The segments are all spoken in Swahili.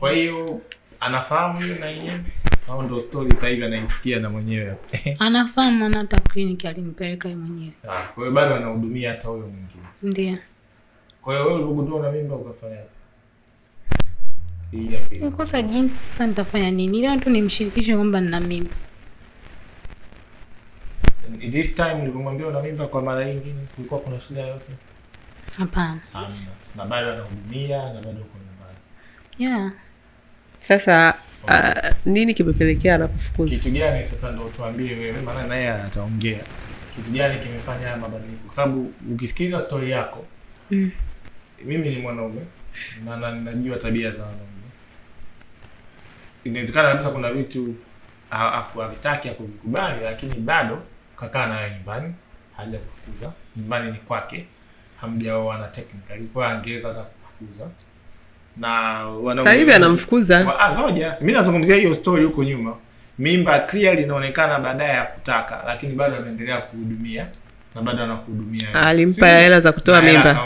Kwa hiyo anafahamu hiyo na yeye au ndo story sasa hivi anaisikia na mwenyewe? Anafahamu maana hata clinic alinipeleka yeye mwenyewe. Ah, kwa hiyo bado anahudumia hata huyo mwingine. Ndio. Kwa hiyo wewe uligundua na mimba ukafanyaje sasa? Hii ya pili. jinsi sasa nitafanya nini? Leo tu nimshirikishe kwamba nina mimba. This time nilipomwambia una mimba kwa mara nyingine kulikuwa kuna shida yoyote? Hapana. Na bado anahudumia na bado uko nyumbani. Yeah sasa uh, nini kimepelekea anapofukuzwa? Kitu gani sasa ndio tuambie wewe, maana naye ataongea kitu gani kimefanya mabadiliko, kwa sababu ukisikiliza stori yako mm. Mimi ni mwanaume na ninajua tabia za wanaume. Inawezekana kabisa kuna vitu havitaki akuvikubali, lakini bado kakaa naye nyumbani, haja kufukuza nyumbani, ni kwake, hamjaoana technically, kwa angeweza hata kufukuza na sasa hivi anamfukuza ah, ngoja. Mimi nazungumzia hiyo story huko nyuma, mimba clear inaonekana baadaye ya kutaka, lakini bado anaendelea kuhudumia na bado anakuhudumia. Alimpa hela za kutoa mimba,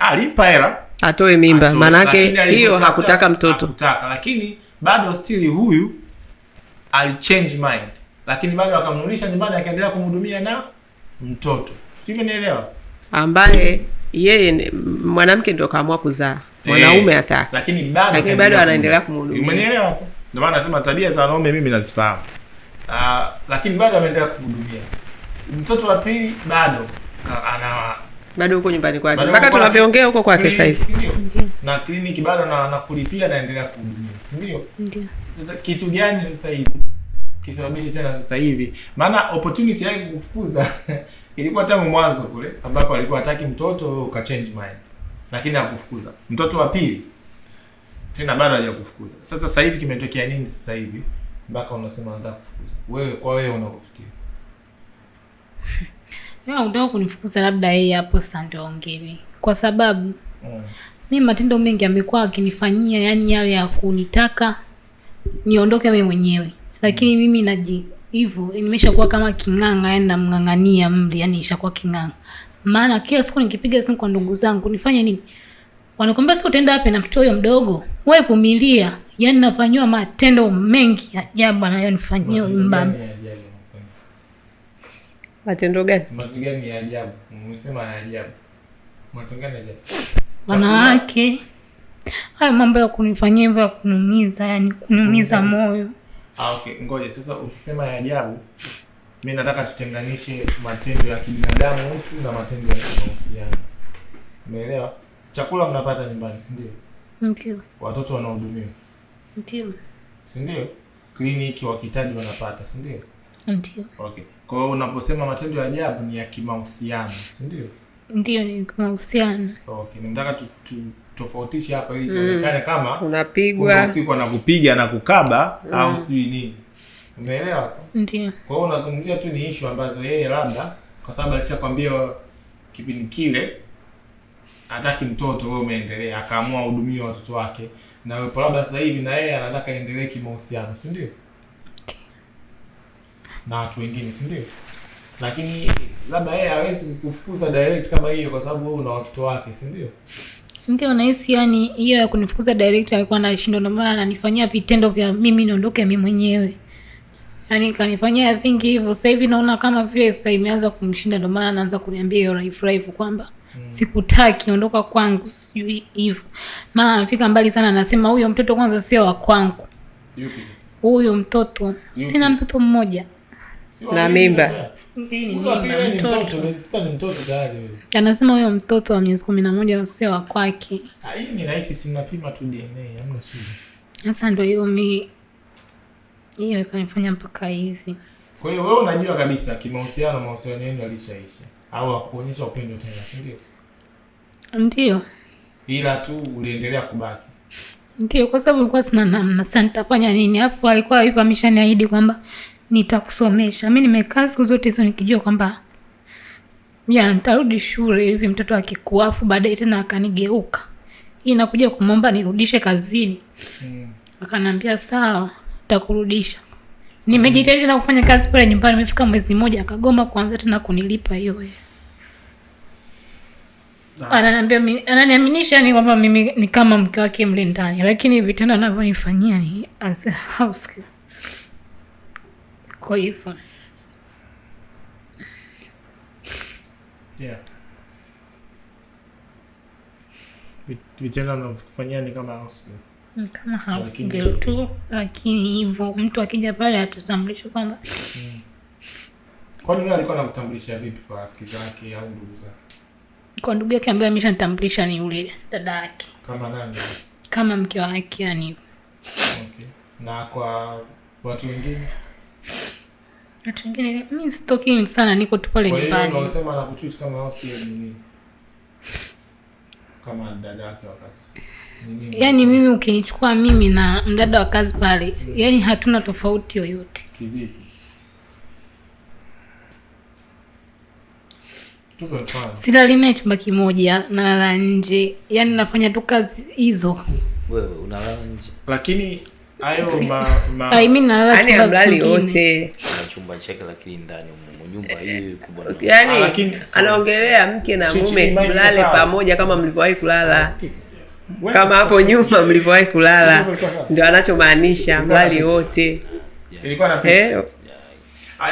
ah, alimpa hela atoe mimba, maana yake hiyo hakutaka mtoto hakutaka, lakini bado still huyu alichange mind, lakini bado akamrudisha nyumbani, akaendelea kumhudumia na mtoto. Sijui ambaye yeye mwanamke ndio kaamua kuzaa Eh, mwanaume hey, ataka lakini bado lakini bado anaendelea kumhudumia. Umenielewa? Ndio maana nasema tabia za wanaume mimi nazifahamu, uh, lakini bado anaendelea kumhudumia. Mtoto wa pili bado ana bado huko nyumbani kwake mpaka tunavyoongea huko kwake sasa hivi, ndio na kliniki bado na nakulipia naendelea kuhudumia, si ndio? Ndio. Sasa kitu gani sasa hivi kisababishi tena sasa hivi? Maana opportunity yake kufukuza ilikuwa tangu mwanzo kule, ambapo alikuwa hataki mtoto ukachange mind lakini hakufukuza. Mtoto wa pili tena bado hajakufukuza. Sasa sasa hivi kimetokea nini sasa hivi mpaka unasema anataka kufukuza wewe? Kwa wewe unakufikia wewe yaani unataka kunifukuza, labda yeye hapo sasa ndio kwa sababu mm. mi matendo mengi amekuwa akinifanyia, yani yale ya kunitaka niondoke mimi mwenyewe, lakini mm. mimi naji hivyo nimeshakuwa kama king'ang'a, yani namng'ang'ania mli, yani nishakuwa king'ang'a maana kila siku nikipiga simu kwa ndugu zangu nifanye nini? Wanakwambia siku utaenda wapi na mtoto huyo mdogo? Wewe vumilia. Yaani nafanywa matendo mengi ajabu anayonifanyia huyu mbaba. Matendo gani? Matendo gani ya ajabu? Umesema ya ajabu. gani ajabu? Wanawake. haya mambo ya kunifanyia hivyo ya kunumiza yani kunumiza moyo. Ah, okay, ngoja sasa ukisema ya ajabu mi nataka tutenganishe matendo ya kibinadamu mtu na matendo ya kimahusiano. Umeelewa? Chakula mnapata nyumbani, sindio ndio? Watoto wanahudumiwa, sindio Kliniki wakihitaji wanapata, sindio Okay. Kwa unaposema matendo ya ajabu ni ya kimahusiano, sindio ndio? ni mahusiano Okay, nataka tutofautishe tu hapa ili mm. sionekane mm, kama unapigwa siku anakupiga na kukaba mm, au sijui nini Umeelewa? Ndiyo. Kwa hiyo unazungumzia tu ni issue ambazo yeye labda kwa sababu alishakwambia kipindi kile hataki mtoto, wewe umeendelea, akaamua hudumia watoto wake, na wewe labda sasa hivi na yeye anataka endelee kimahusiano, si ndio? Na watu wengine, si ndio? Lakini labda yeye hawezi kukufukuza direct kama hiyo, kwa sababu wewe una watoto wake, si ndio? Ndio, nahisi yani hiyo ya kunifukuza direct alikuwa anashindwa, ndio maana ananifanyia vitendo vya mimi niondoke mimi mwenyewe yani kanifanyia vingi hivyo. Sasa hivi naona kama vile sasa imeanza kumshinda, ndio maana anaanza kuniambia hiyo life kwamba Hmm. sikutaki ondoka kwangu, sijui hivyo. Maana anafika mbali sana, anasema huyo mtoto kwanza sio wa kwangu. Huyo mtoto. Yuki. Sina mtoto mmoja. Na mimba. Anasema huyo mtoto wa miezi kumi na moja sio wa kwake. Ah, hii Sasa hiyo mi hiyo ikanifanya mpaka hivi. Kwa hiyo wewe unajua kabisa kimahusiano, mahusiano yenu yalishaisha au hakuonyesha upendo tena, ndio? Ndio, ila tu uliendelea kubaki. Ndio, kwa sababu ulikuwa sina namna, sasa nitafanya nini? Afu alikuwa hivyo ameshaniahidi kwamba nitakusomesha. Mimi nimekaa siku zote hizo nikijua kwamba ya nitarudi shule hivi mtoto akikua, afu baadaye tena akanigeuka, hii nakuja kumwomba nirudishe kazini. Hmm, akanambia sawa takurudisha. Nimejitahidi tena kufanya kazi pale nyumbani, nimefika mwezi mmoja akagoma kuanza tena kunilipa hiyo. Ananiambia ananiaminisha ni kwamba mimi ni kama mke wake mle ndani, lakini vitendo anavyonifanyia ni as a house. Kwa hivyo yeah. Vitendo anavyofanyia ni kama house kama house girl tu, lakini hivyo mtu akija pale atatambulishwa kwamba hmm. Kwani yeye alikuwa anamtambulisha vipi kwa rafiki zake au ndugu zake? Kwa ndugu yake ambaye ameshanitambulisha ni yule dada yake. Kama nani? Kama mke wake yani. Okay. Na kwa watu wengine? Watu wengine mimi stalking sana, niko tu pale nyumbani. Kwa hiyo unasema anakuchuti kama house girl nini? Kama dada yake wakati yani mimi ukinichukua mimi na mdada wa kazi pale, yani hatuna tofauti yoyote. sila naye chumba kimoja, nalala nje, yani nafanya tu kazi hizo. Yaani wote eh, yaani ah, anaongelea mke na mume mlale pamoja kama mlivyowahi kulala kama hapo nyuma mlivyowahi kulala, ndio anachomaanisha mbali wote. ilikuwa na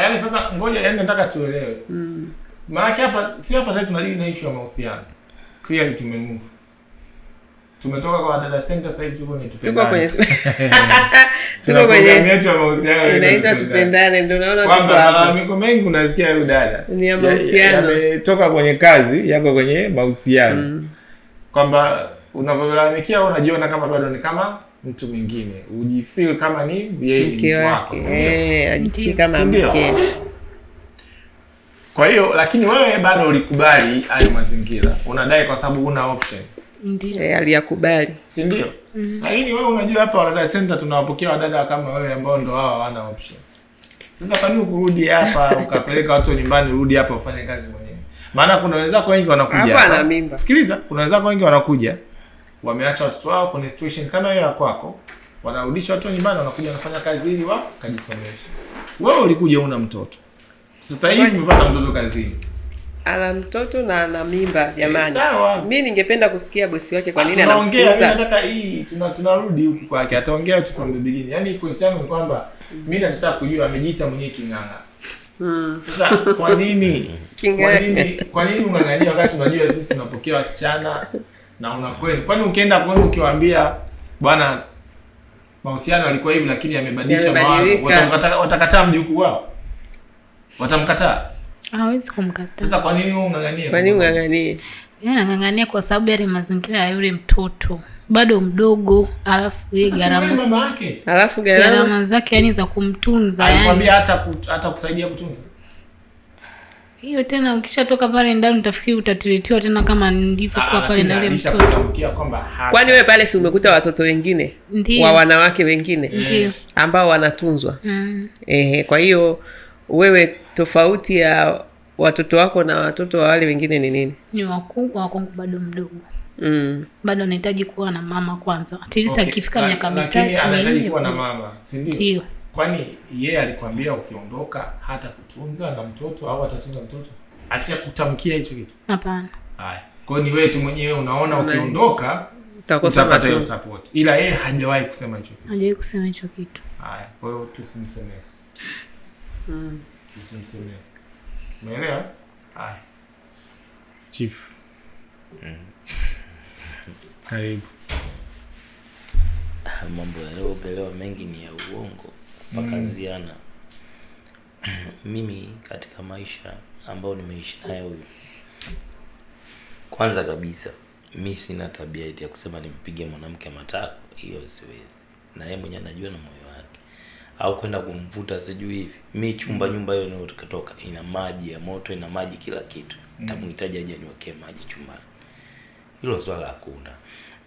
Yaani sasa ngoja, yani nataka tuelewe. Mm. Maana hapa si hapa sasa tunadili na issue ya mahusiano. Clearly tume move Tumetoka kwa dada center sasa hivi tuko kwenye Tuko kwenye tuko kwenye yetu ya mahusiano. Inaitwa tupendane ndio naona tuko hapa. Kwa malalamiko mengi unasikia huyu dada. Ni ya mahusiano. ametoka kwenye kazi yako kwenye mahusiano. Mm. Kwamba unavyolalamikia au unajiona kama bado ni kama mtu mwingine, ujifil kama ni yeye ni mtu wako, eh, Kwa hiyo lakini wewe bado ulikubali hayo mazingira, unadai kwa sababu una option. Ndio eh, aliyakubali, si ndio? Mm -hmm. Lakini wewe unajua, hapa Wadada Center tunawapokea wadada kama wewe ambao ndo hawa hawana option. Sasa kwani ukurudi hapa ukapeleka watu nyumbani, urudi hapa ufanye kazi mwenyewe? Maana kuna wenzako wengi wanakuja hapa. Sikiliza, kuna wenzako wengi wanakuja wameacha watoto wao kwenye situation kama hiyo ya kwako, wanarudisha watoto nyumbani, wanakuja wanafanya kazi ili wa wakajisomeshe. Wewe ulikuja una mtoto, sasa hivi umepata mtoto kazini ana mtoto na ana mimba jamani. Mimi ningependa kusikia bosi wake kwa nini anaongea. Mimi yaani nataka hii tuna tunarudi huku kwake, ataongea tu from the beginning. Yani point yangu ni kwamba mimi nataka kujua amejiita mwenyewe king'ang'a. Mm. Sasa kwa nini? Kwa nini? Kwa nini ung'ang'ania wakati unajua sisi tunapokea wasichana na una kweli. Kwani ukienda kwenu ukiwaambia bwana mahusiano yalikuwa hivi lakini yamebadilisha mawazo, watamkataa watakataa mjukuu wao. Watamkataa. Hawezi kumkataa. Sasa kwa nini wewe ung'ang'anie? Kwa nini ung'ang'anie? Yeye anang'ang'ania kwa sababu yale mazingira ya yule mtoto bado mdogo, alafu yeye gharama mama yake, alafu gharama zake yani za kumtunza, yani. Alikwambia yaani- hata hata kusaidia kutunza hiyo tena ukishatoka pale ndani utafikiri utatiritiwa tena kama ndivyokuwa ah, pale na mtoto kwani wewe pale si umekuta watoto wengine Ndiyo. wa wanawake wengine Ndiyo. ambao wanatunzwa mm. Ehe, kwa hiyo wewe tofauti ya watoto wako na watoto wa wale wengine ni nini ni wakubwa wakwangu bado mdogo Mm. bado anahitaji kuwa na mama kwanza tilisi okay. akifika miaka mitatu ndio Kwani yeye alikwambia ukiondoka hata kutunza na mtoto au atatunza mtoto? Acha kutamkia hicho kitu. Hapana. Haya. Kwa ni wewe tu mwenyewe unaona ukiondoka utapata hiyo support. Ila yeye hajawahi kusema hicho kitu. Hajawahi kusema hicho kitu. Haya. Kwa hiyo tusimsemee. Mm. Tusimsemee. Umeelewa? Haya. Chief. Mm. Karibu. Ah, mambo yaliyopelewa mengi ni ya uongo pakaziana mm. mimi katika maisha ambayo nimeishi nayo huyu kwanza kabisa mi sina tabia ya kusema nimpige mwanamke matako hiyo siwezi na yeye mwenyewe anajua na moyo wake au kwenda kumvuta sijui hivi mi chumba nyumba hiyo inayotoka ina maji ya moto ina maji kila kitu mm. tamuhitaji niwekee maji chumbani hilo swala hakuna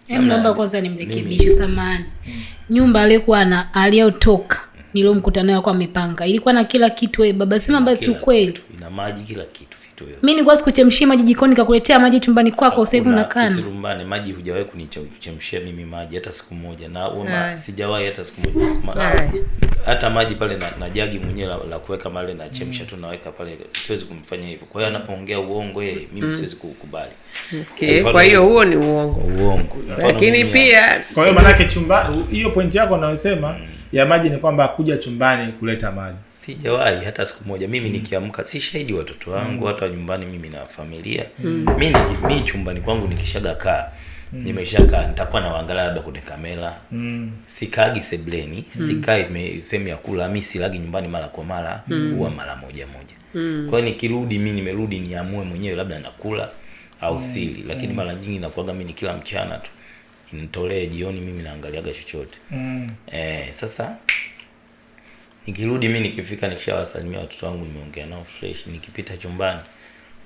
yaani naomba kwanza nimrekebishe samani mm. nyumba aliyokuwa aliyotoka niliyomkuta mkutano alikuwa amepanga, ilikuwa na kila kitu. Eh, baba sema basi ukweli, ina maji, kila kitu mi nikuwa sikuchemshia maji jikoni kakuletea maji chumbani kwako sehemu na unakana. maji hujawahi kunichemshia mimi maji hata siku moja na wema sijawahi hata siku moja. Ma, hata maji pale na, na jagi mwenyewe la, la kuweka male nachemsha mm. tu naweka pale siwezi kumfanyia hivyo. Kwa hiyo anapoongea uongo yeye mimi mm. siwezi kukubali. Okay. Kwa hiyo huo ni uongo. Uongo. Lakini pia kwa hiyo maana chumba hiyo pointi yako anayosema mm ya maji ni kwamba kuja chumbani kuleta maji. Sijawahi hata siku moja. Mimi mm. nikiamka si shahidi watoto wangu mm. hata hapa nyumbani mimi na familia mm. mi mi chumbani kwangu nikishaga kaa mm. nimeshakaa nitakuwa na waangalia labda kwenye kamera mm. sikaagi sebleni mm. sikai sehemu ya kula mi silagi nyumbani mara kwa mara mm. huwa mara moja moja mm. kwaio nikirudi mi nimerudi niamue mwenyewe labda nakula au mm. sili lakini mm. mara nyingi nakuaga mi ni kila mchana tu ntolee jioni mimi naangaliaga chochote mm. e, sasa nikirudi mi nikifika nikishawasalimia watoto wangu nimeongea nao fresh nikipita chumbani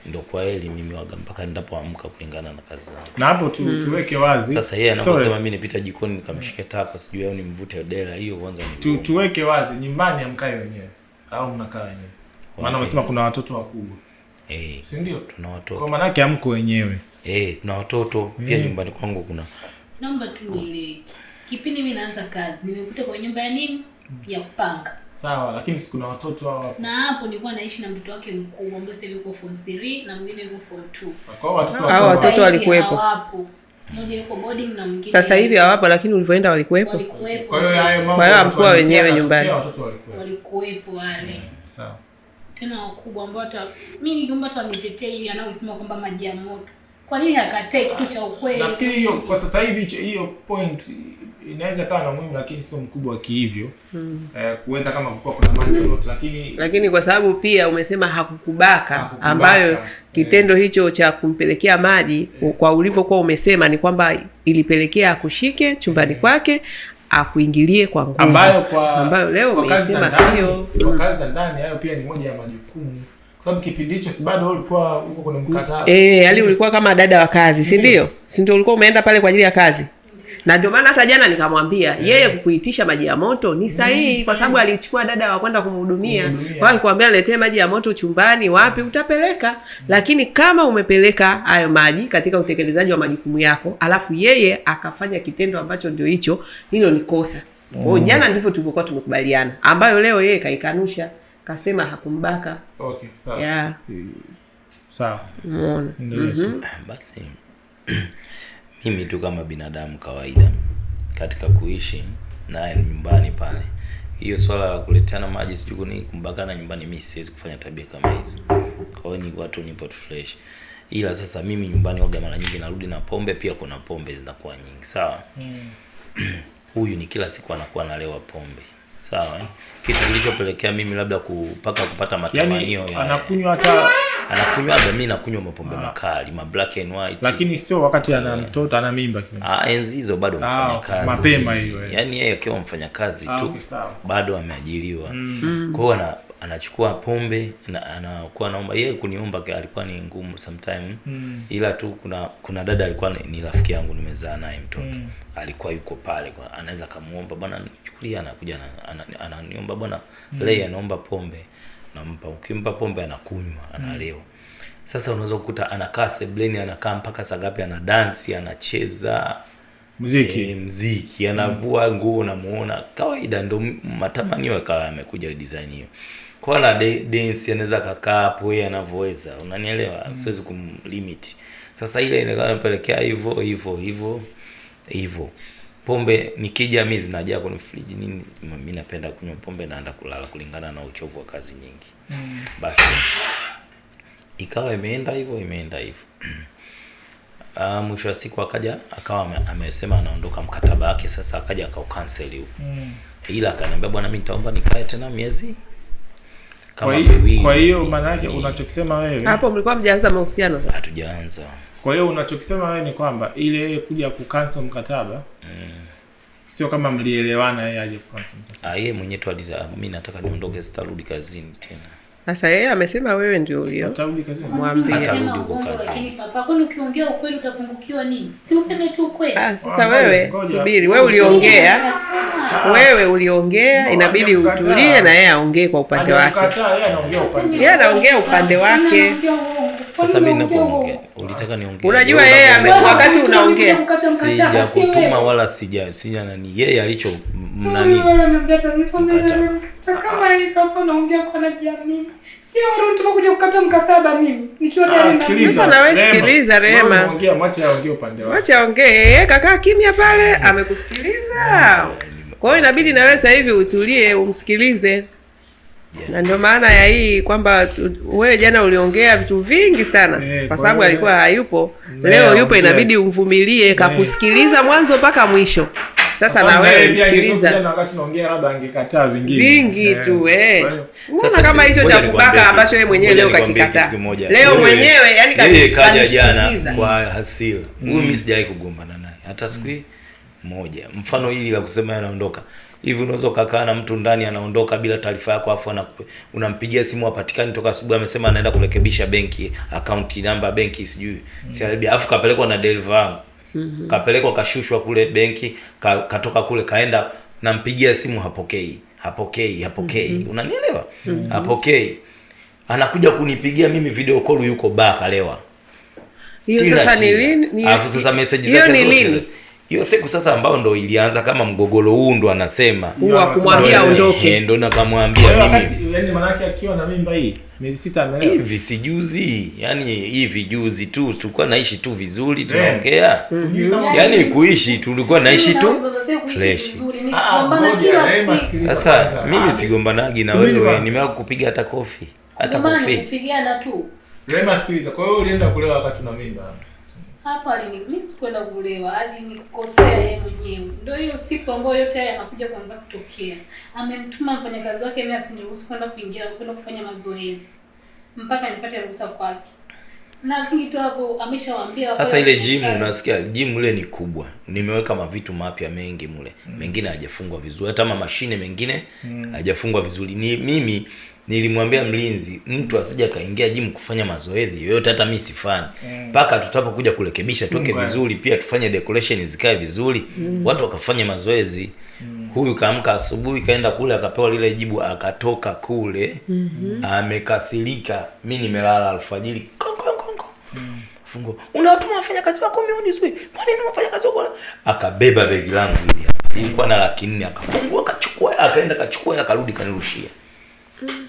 ndo kwa heli mimi waga mpaka ndapoamka kulingana na kazi zangu. Na hapo tu, mm. tuweke wazi. Sasa yeye anaposema mimi nipita jikoni nikamshike tako sijui au nimvute dela hiyo kwanza ni. Tu, tuweke wazi nyumbani amkae wenyewe au mnakaa wenyewe. Okay. Maana umesema kuna watoto wakubwa. Eh. Hey, si ndio? Tuna watoto. Kwa maana yake amko wenyewe. Eh, hey, tuna watoto pia mm. nyumbani kwangu kuna. Naomba tu ile Kipindi mimi naanza kazi, nimekuta kwa nyumba ya nini? ya kupanga. Sawa, lakini si kuna watoto hao. Na hapo nilikuwa naishi na mtoto wake mkubwa ambaye sasa yuko form 3 na mwingine yuko form 2. Kwa watoto hao watoto walikuwepo. Mmoja yuko boarding na mwingine. Sasa hivi hawapo lakini ulivyoenda walikuwepo. Kwa hiyo hayo mambo. Kwa hiyo amkuwa wenyewe nyumbani. Watoto walikuwepo. Walikuwepo wale. Sawa. Tena wakubwa ambao hata mimi ningeomba hata wanitetea ili anaosema kwamba maji ya moto. Kwa nini akatae kitu cha ukweli? Nafikiri hiyo kwa sasa hivi hiyo point inaweza kawa na muhimu lakini sio mkubwa kihivyo hmm. Eh, kuweza kama kukua kuna maji yote lakini lakini kwa sababu pia umesema hakukubaka, hakukubaka ambayo eh. kitendo eh, hicho cha kumpelekea maji eh, kwa ulivyokuwa umesema ni kwamba ilipelekea akushike chumbani eh, kwake akuingilie kwa nguvu ambayo, kwa, ambayo leo umesema sio kwa hmm. kazi za ndani. Hayo pia ni moja ya majukumu sababu kipindi hicho si bado ulikuwa huko kwenye mkataba eh, yaani ulikuwa kama dada wa kazi, si ndio? Si ndio ulikuwa umeenda pale kwa ajili ya kazi na ndio maana hata jana nikamwambia yeah. yeye kukuitisha maji ya moto ni mm. sahihi mm, kwa sababu alichukua dada wa kwenda kumhudumia kwa hiyo akwambia niletee maji ya moto chumbani, wapi mm. utapeleka mm. Lakini kama umepeleka hayo maji katika utekelezaji wa majukumu yako, alafu yeye akafanya kitendo ambacho ndio hicho, hilo ni kosa. Kwa hiyo mm. jana ndivyo tulivyokuwa tumekubaliana, ambayo leo yeye kaikanusha, kasema hakumbaka. Okay, sawa. Yeah. Sawa. Mm. Mhm. Ah, Basi. mimi tu kama binadamu kawaida katika kuishi naye nyumbani pale, hiyo swala la kuleteana maji sijui ni kumbakana nyumbani, mimi siwezi kufanya tabia kama hizo. Kwa hiyo ni watu nipo fresh, ila sasa mimi nyumbani waga mara nyingi narudi na pombe, pia kuna pombe zinakuwa nyingi sawa. mm. Huyu ni kila siku anakuwa analewa pombe Sawa. Kitu kilichopelekea mimi labda kupaka kupata yaani matamanio yani, anakunywa hata anakunywa hata mimi nakunywa mapombe ah. makali, ma black and white. Lakini sio wakati ana eh. mtoto ana mimba kile. Ah, enzi hizo bado mfanya ah, kazi. Mapema hiyo. Eh. yani yeye akiwa mfanyakazi kazi ah, tu. Bado ameajiriwa. Mm. Kwa hiyo anachukua pombe na anakuwa anaomba yeye kuniomba alikuwa ni ngumu sometime mm. ila tu kuna kuna dada alikuwa ni rafiki yangu nimezaa naye mtoto mm. alikuwa yuko pale kwa anaweza kumuomba bwana nichukulia anakuja ananiomba bwana mm. leo anaomba pombe nampa ukimpa pombe anakunywa analewa mm. sasa unaweza kukuta anakaa sebleni anakaa mpaka sagapi ana dansi anacheza mziki e, eh, mziki anavua mm. nguo namuona kawaida ndo matamanio yakawa yamekuja design hiyo kwa na dance anaweza kakaa hapo yeye anavyoweza, unanielewa? mm. siwezi kumlimit. Sasa ile inaweza kupelekea hivyo hivyo hivyo hivyo. Pombe nikija mimi zinajaa kwenye friji nini, mimi napenda kunywa pombe, naenda kulala kulingana na uchovu wa kazi nyingi. mm. Basi ikawa imeenda hivyo imeenda hivyo Uh, mwisho wa siku akaja akawa amesema anaondoka mkataba wake, sasa akaja akaukanseli huko mm. ila akaniambia, bwana, mimi nitaomba nikae tena miezi kama hiyo. Kwa hiyo maana yake unachokisema wewe hapo, mlikuwa mjaanza mahusiano? Hatujaanza. Kwa hiyo unachokisema wewe ni kwamba ile yeye kuja kucancel mkataba mm. Sio kama mlielewana, yeye aje kucancel mkataba. Ah, yeye mwenyewe tu aliza, mimi nataka niondoke, sitarudi kazini tena sasa yeye amesema wewe ndio huyo, mwambie. Ah, sasa wewe subiri, wewe uliongea, wewe uliongea, inabidi utulie na yeye aongee kwa upande wake. Yeye anaongea upande wake. Sasa mimi ninapoongea, ulitaka niongee. Unajua yeye wakati unaongea, sijakutuma wala sija sija nani, yeye alicho Ah, kama hivyo ah. naongea kwa ah, Sikiliza Rehema, ongea, aongee Kakaa kimya pale, amekusikiliza kwa hiyo inabidi na wewe sasa hivi utulie, umsikilize na ndio maana ya hii kwamba wewe jana uliongea vitu vingi sana eh, kwa sababu alikuwa hayupo. Leo yupo, inabidi umvumilie, eh. kakusikiliza mwanzo mpaka mwisho. Sasa na wewe msikiliza, na wakati naongea labda angekataa vingine vingi eh, tu eh. Sasa kama hicho cha kubaka ambacho yeye mwenyewe leo kakikataa, leo mwenyewe yani kaja jana kwa hasira huyu. Mimi mm. sijawahi kugombana naye hata siku moja. Mfano hili la kusema yanaondoka hivi unaweza ukakaa na mtu ndani anaondoka bila taarifa yako, afu unampigia simu hapatikani toka asubuhi, amesema anaenda kurekebisha benki akaunti namba benki sijui mm. si afu kapelekwa na deliver wangu mm -hmm. Kapelekwa kashushwa kule benki ka, katoka kule kaenda, nampigia simu hapokei, hapokei, hapokei mm -hmm. Unanielewa? mm -hmm. Hapokei, anakuja kunipigia mimi video kolu yuko baa kalewa. Hiyo sasa ni lini? Alafu sasa message zake ni lini? hiyo siku sasa ambao ndo ilianza kama mgogoro huu ndo anasema wa kumwambia aondoke, ndo nakamwambia mimi, yaani maana yake akiwa na mimba hii miezi sita ameolewa hivi, si juzi, yani hivi juzi tu tulikuwa naishi tu vizuri, eh. tunaongea mm-hmm. yani kuishi, tulikuwa naishi tu fresh. Ah, Sasa mimi ah, sigombanagi na wewe, nimewahi kupiga hata kofi, hata kofi kupigana tu. Rema, sikiliza. Kwa hiyo ulienda kulewa wakati una mimba? hapo alini sikuenda kuolewa, alinikosea yeye mwenyewe. Ndio hiyo siku ambayo yote haya yanakuja kuanza kutokea. Amemtuma mfanyakazi wake mimi asiniruhusu kwenda kuingia kwenda kufanya mazoezi mpaka nipate ruhusa kwake. Na kingi tu hapo ameshawaambia sasa. Ile gym unasikia, gym ile ni kubwa, nimeweka mavitu mapya mengi mule, mengine hajafungwa vizuri, hata mashine mengine mm. hajafungwa vizuri. Ni mimi nilimwambia mlinzi mtu asija akaingia jimu kufanya mazoezi yoyote, hata mi sifanyi mpaka mm. tutapokuja kurekebisha toke vizuri, pia tufanye decoration zikae vizuri mm. watu wakafanya mazoezi mm. Huyu kaamka asubuhi kaenda kule akapewa lile jibu akatoka kule mm -hmm. Amekasirika, mi nimelala alfajiri mm. fungo unawatuma kazi wako mioni sui, kwani ni kazi wako? Akabeba begi langu ili ilikuwa na laki nne, akafungua akachukua, akaenda akachukua, akarudi kanirushia mm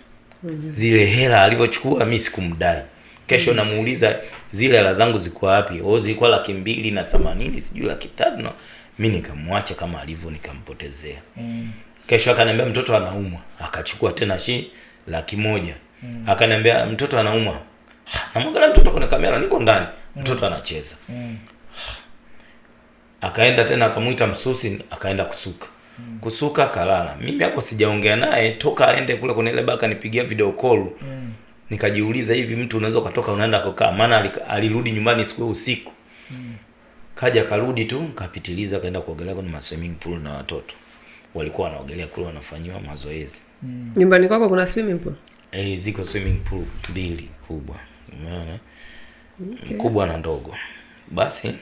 zile hela alivyochukua, mimi sikumdai. Kesho mm-hmm. namuuliza zile hela zangu ziko wapi? O, oh, zilikuwa laki mbili na themanini sijui laki tano. Mimi nikamwacha kama alivyo, nikampotezea mm. hmm Kesho akaniambia mtoto anaumwa, akachukua tena shi laki moja mm. hmm Akaniambia mtoto anaumwa, namwangalia mtoto kwenye kamera, niko ndani mm. Mtoto anacheza mm. hmm Akaenda tena akamuita msusi, akaenda kusuka kusuka kalala. Mimi hapo sijaongea naye toka aende kule kwenye ile baka, nipigia video call mm. nikajiuliza, hivi mtu unaweza ukatoka unaenda kukaa? Maana alirudi nyumbani siku usiku mm. kaja karudi tu kapitiliza, kaenda kuogelea kwenye swimming pool na watoto walikuwa wanaogelea kule, wanafanyiwa mazoezi mm. nyumbani kwako kuna swimming pool eh? Ziko swimming pool mbili kubwa, umeona okay. kubwa na ndogo, basi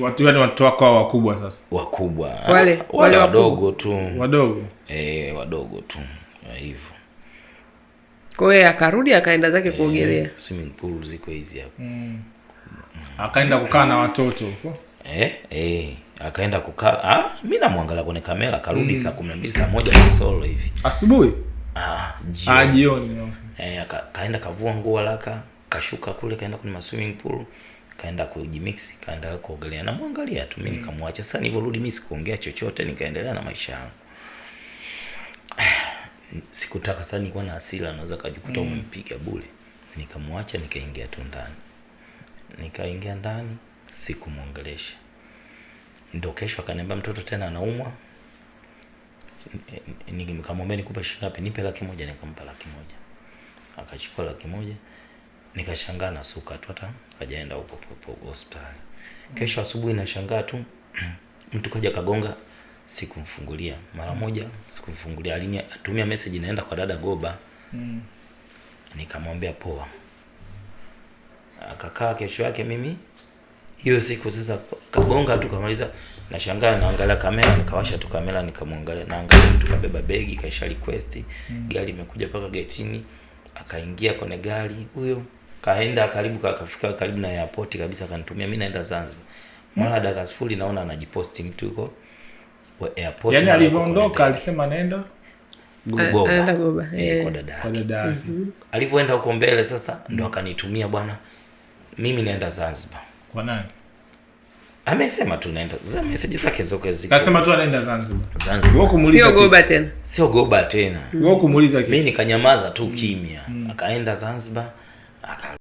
watu yani watoto wako hao wakubwa sasa wakubwa wale wale wadogo tu wadogo eh wadogo tu hivyo kwa hiyo akarudi akaenda zake e, kuogelea swimming pool ziko hizi hapo mm. akaenda kukaa na watoto eh eh akaenda kukaa ah mimi namwangalia kwenye kamera karudi mm. saa mbili saa 1 kasoro hivi asubuhi ah jioni ah jioni akaenda eh, kavua nguo haraka kashuka kule kaenda kwenye swimming pool kaenda kujimix, kaenda kuogelea na mwangalia tu, mimi mm. nikamwacha. Sasa nilivyorudi mimi sikuongea chochote, nikaendelea na maisha yangu. Sikutaka sana, nilikuwa na hasira, naweza kujikuta mm. umempiga bure. Nikamwacha, nikaingia tu ndani, nikaingia ndani, sikumwongelesha Ndio kesho akaniambia mtoto tena anaumwa, nikamwambia nikupe shilingi ngapi? Nipe laki moja. Nikampa laki moja, akachukua laki moja Nikashangaa na suka tu hata hajaenda huko hospitali. Kesho asubuhi nashangaa tu mtu kaja kagonga, sikumfungulia mara mm. moja, sikumfungulia. alini atumia message, naenda kwa dada Goba. Mm. Nikamwambia poa, akakaa. Kesho yake mimi hiyo siku sasa kagonga tu kamaliza. Nashangaa naangalia kamera, nikawasha tu kamera nikamwangalia, naangalia mtu kabeba begi, kaisha request. Mm. Gari imekuja mpaka getini, akaingia kwenye gari huyo kaenda karibu kafika karibu na airport kabisa, kanitumia mimi naenda Zanzibar. Mara hmm. dakika sifuri naona anajiposti mtu yuko kwa airport. yani alivyoondoka alisema naenda Goba. Anaenda eh, eh, Goba. Eh, kwa eh. dada. Kwa dada. Mhm. Alivyoenda huko mbele sasa hmm. ndo akanitumia bwana, mimi naenda Zanzibar. Kwa nani? Amesema tu naenda. Za message zake zoke ziko. Nasema tu anaenda Zanzibar. Zanzibar. Wewe kumuuliza. Sio Goba tena. Sio Goba tena. Wewe kumuuliza kitu. Mimi nikanyamaza tu kimya. Hmm. Akaenda Zanzibar. Aka